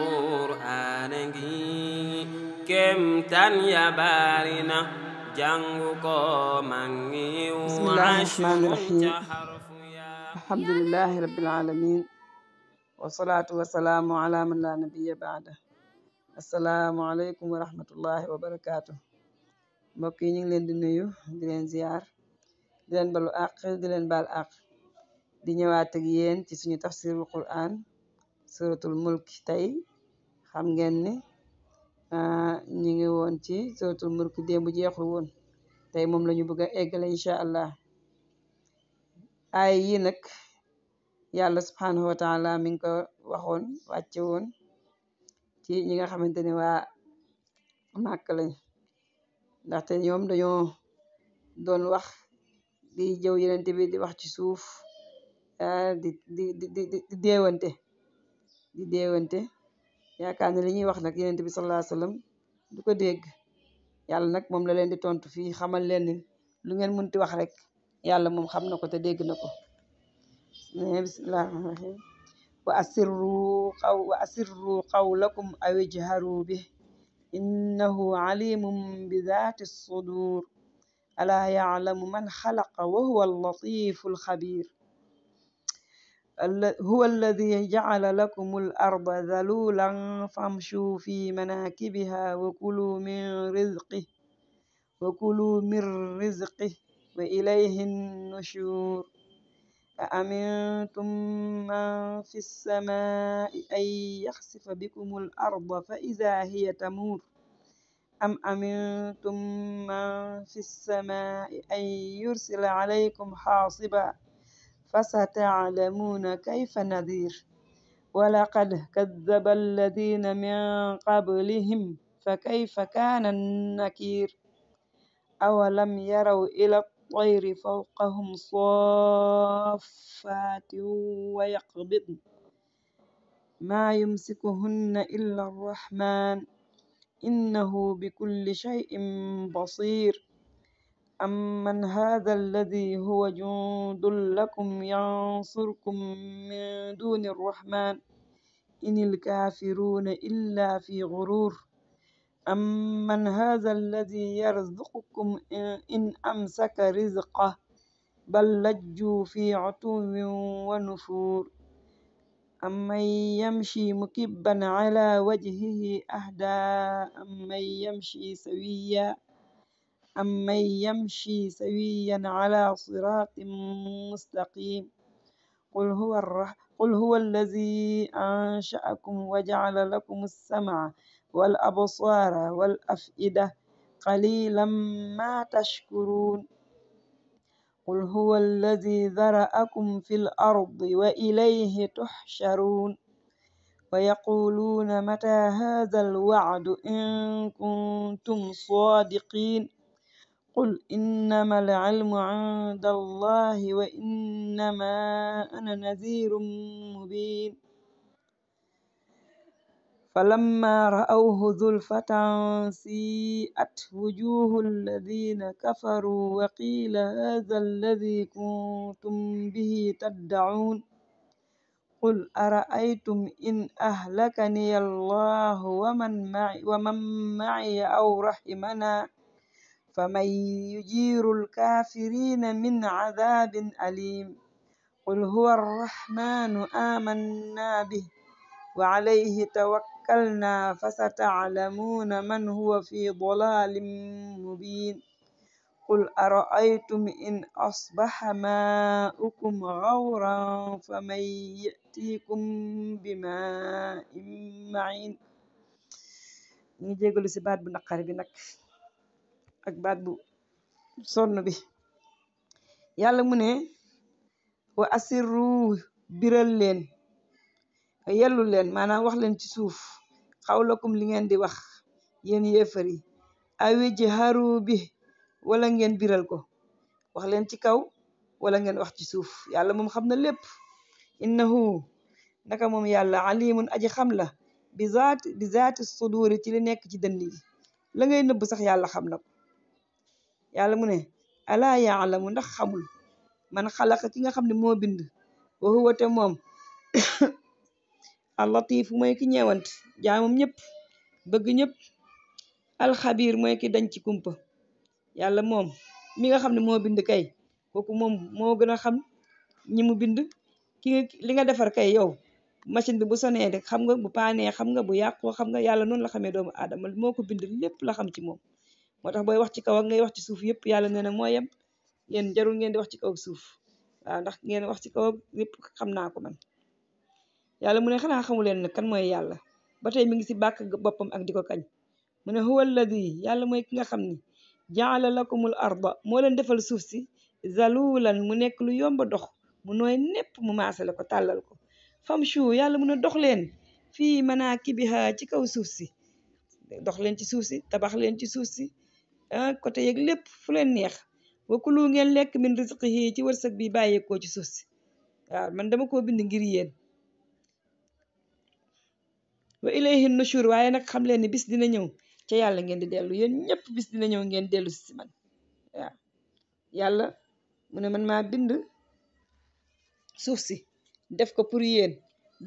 qur'aana ngi kemtan ya bari na jàngu ko bismillahi rahmaani rahim alhamdulilahi rabbil alamin wasalaatu wasalaamu ala man la nabiya baada assalaamu aleykum wa rahmatullahi wa barakaatu mbokk yi ñu ngi leen di nuyu ziyaar di balu àq di baal àq di ñëwaat ak ci suñu tafsirul quran suratul mulk tey xam ngeen ne ah, ñi ngi woon ci sootul mulki démb jeexul woon tey moom lañu bëgg a eggale insha allah ay yi nag yàlla subhanahu wa taala mi ngi ko waxoon wàcce woon ci ñi nga xamante ne waa màkk lañ ndaxte ñoom dañoo doon wax di jëw yenent bi di wax ci suuf ah, di di di di déewante di déewante yaakaar ne li ñuy wax nag yeneen bi sallallahu alayhi wa sallam du ko dégg yàlla nag moom la leen di tontu fii xamal leen ni lu ngeen mënti wax rek yàlla moom xam na ko te dégg na ko wa asirru xaw wa asirru xaw qawlakum awi ijharu bi innahu alimum bi zaati sudur ala ya'lamu man xalaqa wa huwa al latiful xabir هو الذي جعل لكم الأرض ذلولا فامشوا في مناكبها وكلوا من رزقه وكلوا من رزقه وإليه النشور أأمنتم من في السماء أن يخسف بكم الأرض فإذا هي تمور أم أمنتم من في السماء أن يرسل عليكم حاصبا فستعلمون كيف نذير ولقد كذب الذين من قبلهم فكيف كان النكير أولم يروا إلى الطير فوقهم صافات ويقبضن ما يمسكهن إلا الرحمن إنه بكل شيء بصير أَمَّنْ هَذَا الَّذِي هُوَ جُندٌ لَّكُمْ يَنصُرُكُم مِّن دُونِ الرَّحْمَٰنِ ۚ إِنِ الْكَافِرُونَ إِلَّا فِي غُرُورٍ أَمَّنْ هَٰذَا الَّذِي يَرْزُقُكُمْ إِنْ أَمْسَكَ رِزْقَهُ بَل لَّجُّوا فِي عُتُوٍّ وَنُفُورٍ أَمَّن يَمْشِي مُكِبًّا عَلَىٰ وَجْهِهِ أَهْدَىٰ أَمَّن يَمْشِي سَوِيًّا أمن يمشي سويا على صراط مستقيم قل هو الرح قل هو الذي أنشأكم وجعل لكم السمع والأبصار والأفئدة قليلا ما تشكرون قل هو الذي ذرأكم في الأرض وإليه تحشرون ويقولون متى هذا الوعد إن كنتم صادقين قل إنما العلم عند الله وإنما أنا نذير مبين فلما رأوه زلفة سيئت وجوه الذين كفروا وقيل هذا الذي كنتم به تدعون قل أرأيتم إن أهلكني الله ومن معي, ومن معي أو رحمنا فمن يجير الكافرين من عذاب أليم قل هو الرحمن آمنا به وعليه توكلنا فستعلمون من هو في ضلال مبين قل أرأيتم إن أصبح ماؤكم غورا فمن يأتيكم بماء معين نجي jégalu ci baat bu ak baat bu sonn bi yàlla mu ne wa asirru biral leen yellu leen maanaam wax leen ci suuf xawlakum li ngeen di wax yéen yéefar yi awi jaharu bi wala ngeen biral ko wax leen ci kaw wala ngeen wax ci suuf yàlla moom xam na lépp innahu naka moom yàlla alimun aji xam la bi zaati bi zaati suduuri ci li nekk ci dënn yi la ngay nëbb sax yàlla xam na yàlla mu ne alaa yaalamu ndax xamul man xalaqa ki nga xam ne moo bind wa huwa te moom al-latiif mooy ki ñeewant jaamam ñëpp bëgg ñëpp alxabiir mooy ki dañ ci kumpa yàlla moom mi nga xam ne moo bind kay kooku moom moo gën a xam ñi mu bind ki li nga defar kay yow machine bi bu sonee rek xam nga bu paanee xam nga bu yàqoo xam nga yàlla noonu la xamee doomu aadama moo ko bind lépp la xam ci moom moo tax booy wax ci kaw ak ngay wax ci suuf yëpp yàlla nee na moo yem yéen jarul wax ci kaw suuf waaw ndax ngeen wax ci kaw ak xam naa ko man yàlla mu ne xanaa xamu leen ne kan mooy yàlla ba tey mi ngi si bàkk boppam ak di ko kañ mu ne huwa yàlla mooy ki nga xam ni jaala lakumul arda moo leen defal suuf si zalulan mu nekk lu yomba dox mu nooy népp mu maasale ko tàllal ko famshu yàlla mu ne dox leen fii manaakibiha ci kaw suuf si dox leen ci suuf si tabax leen ci suuf si Eh, côté yeeg lépp fu leen neex wakulu ngeen lekk min rizqihi ci wërsëg bi bàyyeekoo ci suuf si waaw man dama koo bind ngir yéen wa na nushur waaye nag xam leen ni bis dina ñëw ca yàlla ngeen di dellu yéen ñëpp bis dina ñëw ngeen dellu si man waaw yàlla mu ne man maa bind suuf si def ko pour yéen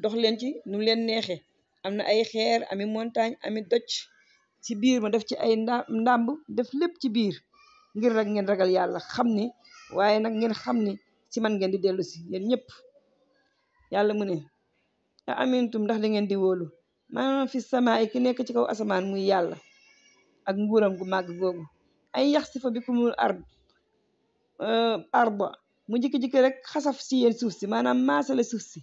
dox leen ci nu mu leen neexee am na ay xeer ami montagne ami doj ci biir ma def ci ay ndàmb def lépp ci biir ngir rek ngeen ragal yàlla xam ni waaye nag ngeen xam ni ci man ngeen di dellu si yéen ñëpp yàlla mu ne a amintum ndax da ngeen di wóolu maa fi samaay ki nekk ci kaw asamaan muy yàlla ak nguuram gu màgg googu ay yax bi kumul ard arba mu jikki-jikki rek xasaf si yeen suuf si maanaam maasale suuf si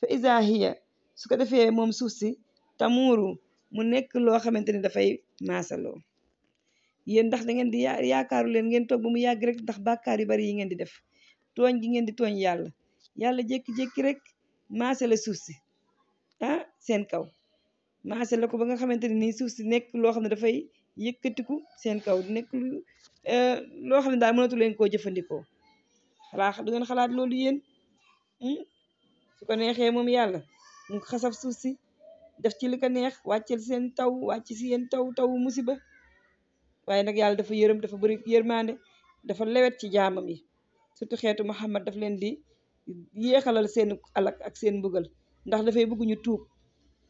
fa isa hiya su ko defee moom suuf si tamuuru mu nekk loo xamante ni dafay maasaloo yéen ndax da ngeen di yaakaaru leen ngeen toog ba mu yàgg rek ndax bàkkaar yu bari yi ngeen di def tooñ gi ngeen di tooñ yàlla yàlla jékki-jékki rek maasale suuf si ah seen kaw maasale ko ba nga xamante ne nii suuf si nekk loo xam ne dafay yëkkatiku seen kaw nekk lu eh, loo xam ne daal mënatu leen koo jëfandikoo xalaat du ngeen xalaat loolu yéen hmm? su ko neexee moom yàlla mu xasaf si def ci li ko neex waccel seen taw wacc musibah. yéen taw taw musiba waye nak yalla dafa yeureum dafa bëri yërmaande dafa lewet ci jaamam yi surtout xetu Muhammad daf len di yeexalal seen alak ak seen mbugal ndax fay bëggu ñu tuub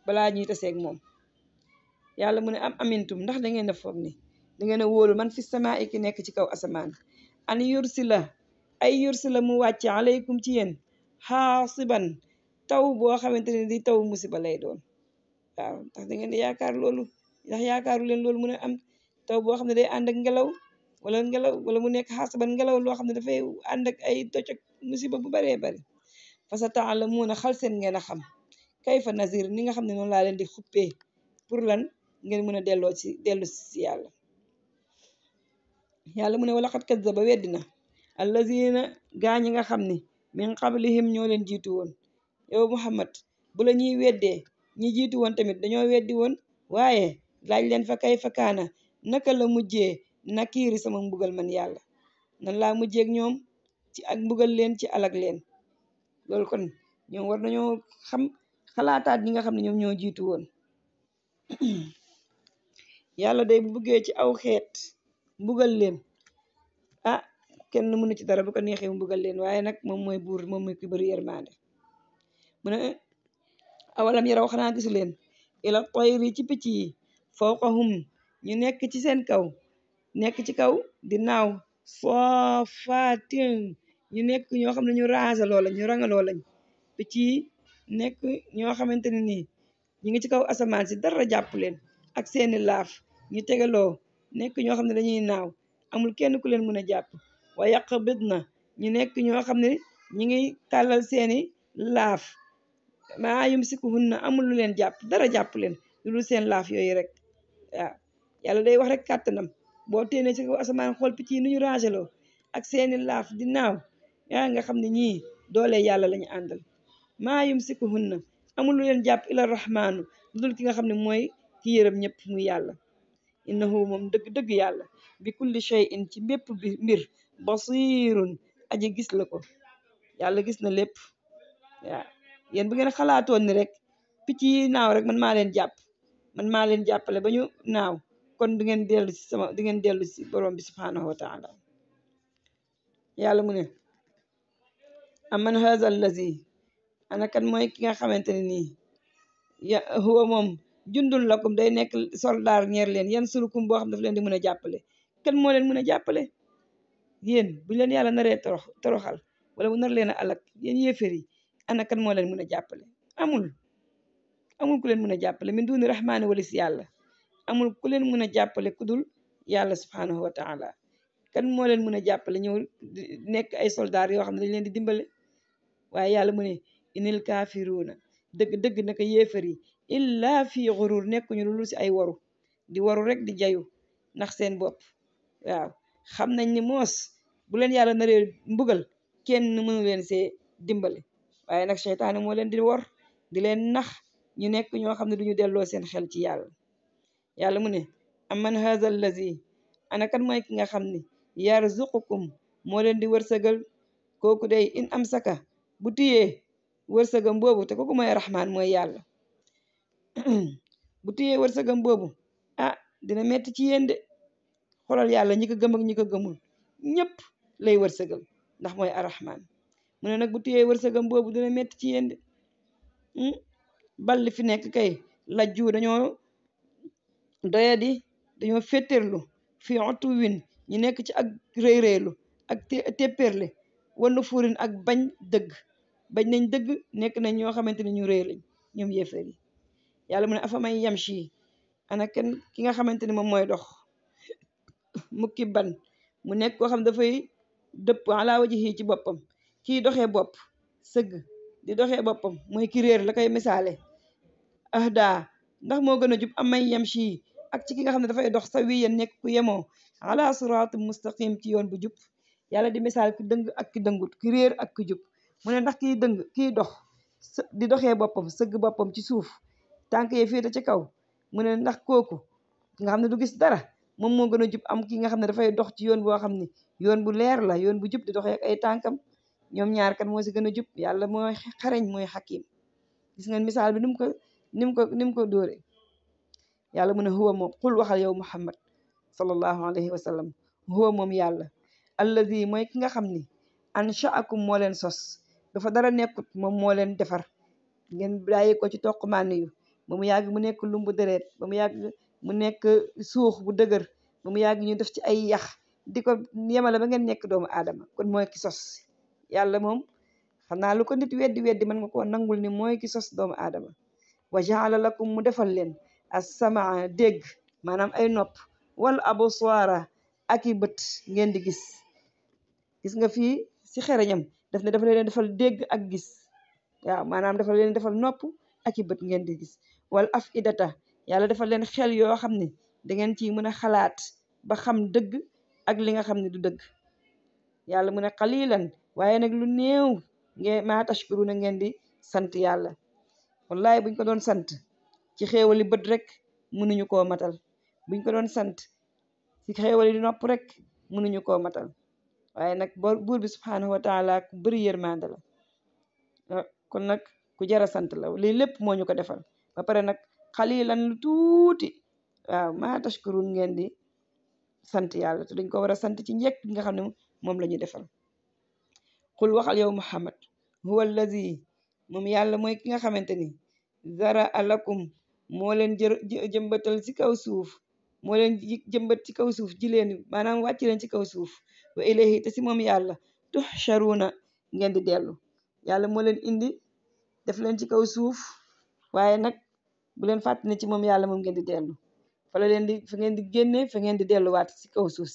bala ñuy taseeg moom yàlla mu ne am amintum ndax da ngay na foog ni da ngay na wolu man fi samaa'i ki nekk ci kaw an yursila ay yursila mu wacc alaykum ci yéen hasiban taw bo xamanteni di taw musiba lay doon waaw ndax da ngeen di yaakaar loolu ndax yaakaaru leen loolu mën a am taw boo xam ne day ànd ak ngelaw wala ngelaw wala mu nekk xaasaban ngelaw loo xam ne dafay ànd ak ay docog musiba bu baree bari fa sa taalamuuna xal seen ngeen a xam kay fa nazir ni nga xam ne noonu laa leen di xuppee pour lan ngeen mën a delloo ci dellu si yàlla yàlla mu ne wala xat kazzaba weddi na allazina gaa ñi nga xam ni min qablihim ñoo leen jiitu woon yow muhammad bu la ñuy ñi jiitu woon tamit dañoo weddi woon waaye laaj leen fa kay fa kaana naka la mujjee nakiiri sama mbugal man yàlla nan laa mujjeeg ñoom ci ak mbugal leen ci alag leen loolu kon ñoom war nañoo xam xalaataat ñi nga xam ne ñoom ñoo jiitu woon yàlla day bu buggee ci aw xeet mbugal leen ah kenn mënu ci dara bu ko neexee mbugal leen waaye nag moom mooy buur moom mooy ki bëri yërmaande mu ne awalam yaraw xanaa gisu leen ila toyri ci picc yi fawqahum ñu nekk ci seen kaw nekk ci kaw di naaw soofatin ñu nekk ñoo xam ne ñu raasaloo lañ ñu rangaloo lañ picc yi nekk ñoo xamante ne nii ñu ngi ci kaw asamaan si dara jàpp leen ak seeni laaf ñu tegaloo nekk ñoo xam ne dañuy naaw amul kenn ku leen mën a jàpp wa yàq bit na ñu nekk ñoo xam ne ñu ngi tàllal seeni laaf maa yumsikuhunna amul lu leen jàpp dara jàpp leen lu dul seen laaf yooyu rek waaw yàlla day wax rek kàttanam boo téenee ci kaw asamaan xool picc nu ñu rangeloo ak seeni laaf di naaw yaa nga xam ne ñii doole yàlla lañu àndal maa yumsikuhunna amul lu leen jàpp ila rahmaanu dul ki nga xam ne mooy ki yërëm ñëpp muy yàlla innahu moom dëgg-dëgg yàlla bi kulli shay'in ci bépp mbir basirun aji gis la ko yàlla gis na lépp waaw yen bu ngeen xalaatoon ni rek picci yi naaw rek man maa leen jàpp man maa leen jàppale ba naaw kon du ngeen dellu si sama du ngeen dellu si borom bi subhanahu wa taala yàlla mu ne aman haza allazi anakan mooy ki nga xamante ne ya huwa moom jundul lakum day nekk soldaar ñeer leen yan surukum boo xam daf leen di mën a kan moo leen mën a jàppale yéen buñ leen yàlla naree torox toroxal wala mu nar leen alak yéen yéefér yi ana kan moo leen mën a jàppale amul amul ku leen mën a jàppale min duuni rahmaani walis yàlla amul ku leen mën a jàppale ku dul yàlla subhaanahu wa taala kan moo leen mën a jàppale ñëw nekk ay soldaar yoo xam ne dañ leen di dimbale waaye yàlla mu ne inil kaafiruuna dëgg dëgg naka yéefar yi illaa fii xuruur nekkuñu lu si ay waru di waru rek di jayu ndax seen bopp waaw xam nañ ni moos bu leen yàlla naree mbugal kenn mënu leen see dimbale waaye nag seytaane moo leen di wor di leen nax ñu nekk ñoo xam ne duñu delloo seen xel ci yàlla yàlla mu ne aman haza allazi anakan mooy ki nga xam ni ne yarzuqukum moo leen di wërsëgal kooku day in am saka bu tiyee wërsëgam boobu te kooku mooy rahmaan mooy yàlla bu tiyee wërsëgam boobu ah dina metti ci yéen de xoolal yàlla ñi ko gëm ak ñi ko gëmul ñëpp lay wërsëgal ndax mooy arrahmaan mu ne nag bu téyee wërsëgam boobu dina metti ci yéen de hmm? balli fi nekk kay lajju dañoo doyadi dañoo féttéerlu fi otu win ñu nekk ci ak réyréylu ak téppéerle wanu fuurin ak bañ dëgg bañ nañ dëgg nekk nañ ñoo xamante ne ñu réer lañ ñoom yéeféer yi yàlla mu ne afamay yam si ana ki nga xamante ne moom mooy dox mukki ban mu nekk koo xam dafay dëpp ala waji ci boppam kiy doxee bopp sëgg di doxe boppam mooy ki la koy misaale ah ndax moo gën a jub amay yem si ak ci ki nga xam ne dafay dox sa wi yéen nekk ku yemoo ala siraatu mustaqim ci yoon bu jub yàlla di misaal ki dëng ak ki dëngut ak ki jub mu ne ndax kiy dëng kiy dox di doxe boppam sëgg boppam ci suuf tànk yee féete ci kaw mu ne ndax kooku nga xam ne du gis dara moom moo gën a jub am ki nga xam ne dafay dox ci yoon boo xam ni yoon bu leer la yoon bu jub di doxee ak ay tànkam ñoom ñaar kan moo si gën a jub yàlla mooy xarañ mooy xakim gis ngeen misaal bi ni ko nim mu ko nim ko dóore yàlla mu ne huwa moom xul waxal yow muhammad sallallahu alayhi wa sallam huwa moom yàlla allazi mooy ki nga xam ni anshaakum moo leen sos dafa dara nekkut moom moo leen defar ngeen bàyyi ko ci toq mànn yu ba mu yàgg mu nekk lumbu deret ba mu yàgg mu nekk suux bu dëgër ba mu yàgg ñu def ci ay yax di ko yemale ba ngeen nekk doomu aadama kon mooy ki sos yalla mom xam lu ko nit weddi weddi man nga koo nangul ni moy ki sos doom adam wa jaala lakum mudafal len as-sama'a deg manam ay nop wal absara ak i bët ngeen di gis gis nga fi ci xereñam daf ne dafa leen defal deg ak gis waaw manam dafa leen defal nop ak ngeen di gis wal afidata yalla dafa leen xel yo xamni da ngeen ci mën a xalaat ba xam deug ak li nga xamni du deug yalla mu ne waaye nag lu néew ngeen maa na ngeen di sant yàlla wallahi buñ ko doon sant ci xéewali bët rek mënuñu koo matal buñ ko doon sant ci xéewali nopp rek mënuñu koo matal waaye nag bo buur bi subhanahu wa taala ku bëri yërmande la ah, kon nag ku jara sant la lii lépp moo ñu ko defal ba pare nag xalilan lu tuuti waaw maa tashkurun ngeen di sant yàlla te dañ ko war a sant ci njëkk bi nga xam ne moom la ñu defal qul waxal yow muhammad huwa alladhi moom yalla moy ki nga xamanteni zara alakum mo len jëmbatal ci kaw suuf mo len jëmbat ci kaw suuf jileen manam wacc len ci kaw suuf wa ilayhi ta si mom yalla tuhsharuna ngend delu yalla mo len indi def len ci kaw suuf waye nak bu len fàtt ne ci mom yalla mom ngend delu dellu fa la leen di fa ngend di fa ngend di wat ci kaw suuf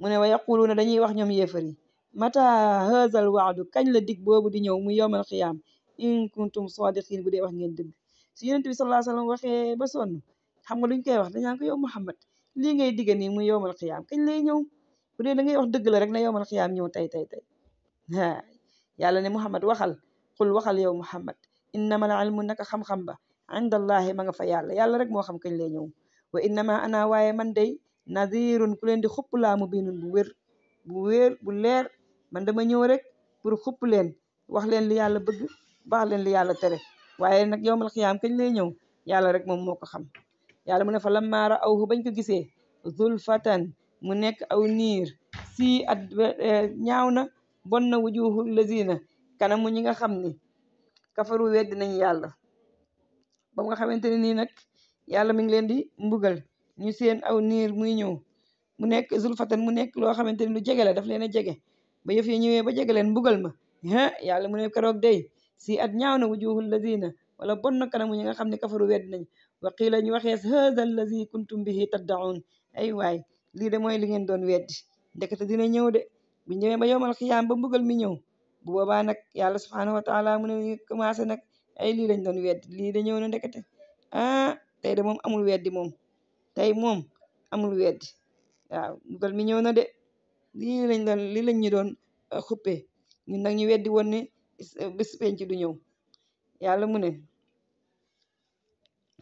mune wa yaquluna dañuy wax ñom yefari mata haazal waadu kañ la dig bo di ñëw mu yowmal xiyaam in kuntum sadiqin bu dee wax ngeen dëgg su yonent bi sallallahu alayhi wasallam waxee ba sonn xam nga luñ koy wax dañaan ko yow Muhammad lii ngay digga nii mu yowmal xiyaam kañ lay ñëw bu dee da ngay wax dëgg la rek na yowmal xiyaam ñëw tey tey tey a yàlla ne Muhammad waxal xul waxal yow Muhammad innama al ilmu naka xam-xam ba inda allahi ma nga fa yàlla yàlla rek moo xam kañ lay ñëw wa innama ana waaye man day nadirun ku leen di xupp laa mu man dama ñëw rek pour xupp leen wax leen li yàlla bëgg baax leen li yàlla tere waaye nag yowmal xiyaam kañ lay ñëw yàlla rek moom moo ko xam yàlla mu ne fa lammaa ra'awhu bañ ko gisee zulfatan mu nekk aw niir si at eh, ñaaw na bon na wujuhu lazina kanamu ñi nga xam ni kafaru weddi nañu yàlla ba nga xamante ne nii nag yàlla mi ngi leen di mbugal ñu seen aw niir muy ñëw mu nekk zulfatan mu nekk loo xamante ni lu jege la daf leen a jege ba yëf yi ñëwee ba jege leen mbugal ma yàlla mu ne keroog day si at ñaaw na wujuhul lazina wala bon na kanamu ñi nga xam ne kafaru wedd nañ waqila ñu waxees haza allazi kuntum bihi taddaun ay waay lii de mooy li ngeen doon weddi ndekete dina ñëw de bu ñëwee ba yowmal xiyaam ba mbugal mi ñëw bu boobaa nag yàlla subhanahu wa taala mu ne commencé nag ay lii lañ doon weddi lii de ñëw na ndekete ah tey de moom amul weddi moom tey moom amul weddi waaw mbugal mi ñëw na de lii lañ doon lii lañ ñu doon uh, xuppee ñun nag ñu weddi woon ne uh, bés penc du ñëw yàlla mu ne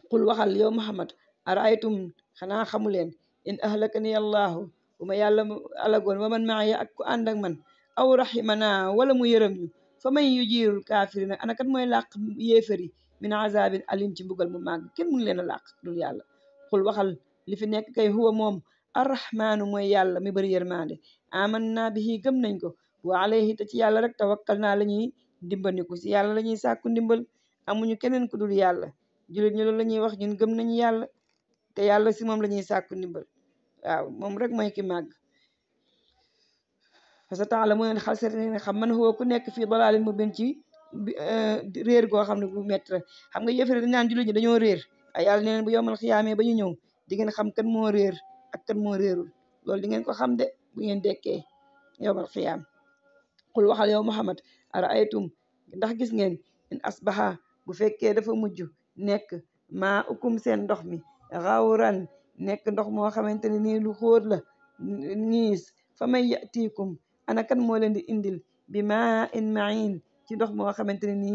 qul waxal yow muhammad araaytum xanaa xamu leen in ahlakani allahu bu ma yàlla alagoon wa man maaya ak ku ànd man aw rahimana wala mu yërëm ñu fa man yu jiirul kaafirina ana kat mooy làq yéefari min azabin alim ci mbugal mu màgg kenn mu leen a làq dul yàlla xul waxal li fi nekk kay huwa arrahmanu moy yalla mi beur yërmaande aman bihi gem nañ ko wa alayhi ta ci yalla rek tawakkalna naa la ko dimbandiku si yàlla la amuñu kenen ku dul yalla julit ñu loolu wax ñun gem nañ yalla te yalla si mom la sakku dimbal ndimbal waaw moom rek moy ki mag fa sa taala mu neen xal sa neen xam man huwa ku nekk fi dalalin mubin ci euh, reer go xam bu metta xam nga yefere dañ nan julit ñi dañoo reer ay yalla neen bu yomal ba ñew di ngeen xam kan mo reer ak kan mo réerul loolu di ngeen ko xam de bu ngeen dekkee yowmal xiyaam xul waxal yow muhammad ara aytum ndax gis ngeen in asbaha bu fekke dafa mujju nek ma ukum sen ndox mi rawran nek ndox mo xamanteni ni lu xoor la nis famay yatikum ana kan mo len di indil bima in main ci ndox mo xamanteni ni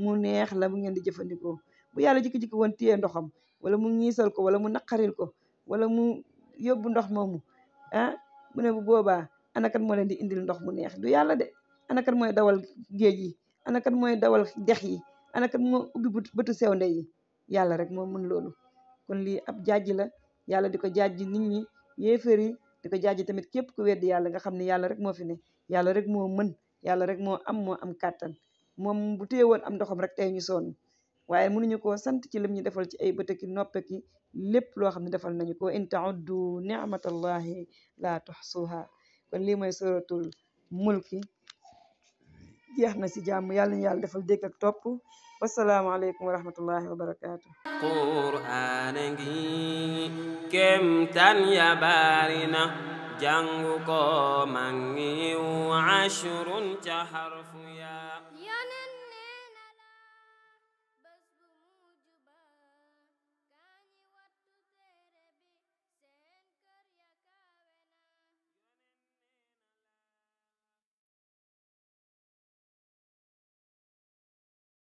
mu neex la bu ngeen di jëfandikoo bu yalla jikko jikko won téye ndoxam wala mu ko wala mu nakaril ko wala mu yóbbu ndox moomu ah mu ne bu boobaa anakat moo leen di indil ndox mu neex du yàlla de anakat mooy dawal géej yi anakat mooy dawal dex yi anakat moo ubbi bëtu sew nde yi yàlla rek moo mën loolu kon lii ab jaaj la yàlla di ko jaaj nit ñi yéefar yi di ko jaaj tamit képp ku weddi yàlla nga xam ne yàlla rek moo fi ne yàlla rek moo mën yàlla rek moo am moo am kàttan moom bu téye woon am ndoxam rek tey ñu sonn waye mënuñu ko sant ci lim ñu defal ci ay bëtte ki noppé ki lepp lo xamni defal nañu ko in tauddu ni'matallahi la tuhsuha kon li moy suratul mulki jeex na si jàmm yàlla ñu yalla defal dekk ak top wasalaamu alaykum wa rahmatullahi wa barakatuh qur'an ngi tan ya barina jang ko mangi wa ashrun ta harfu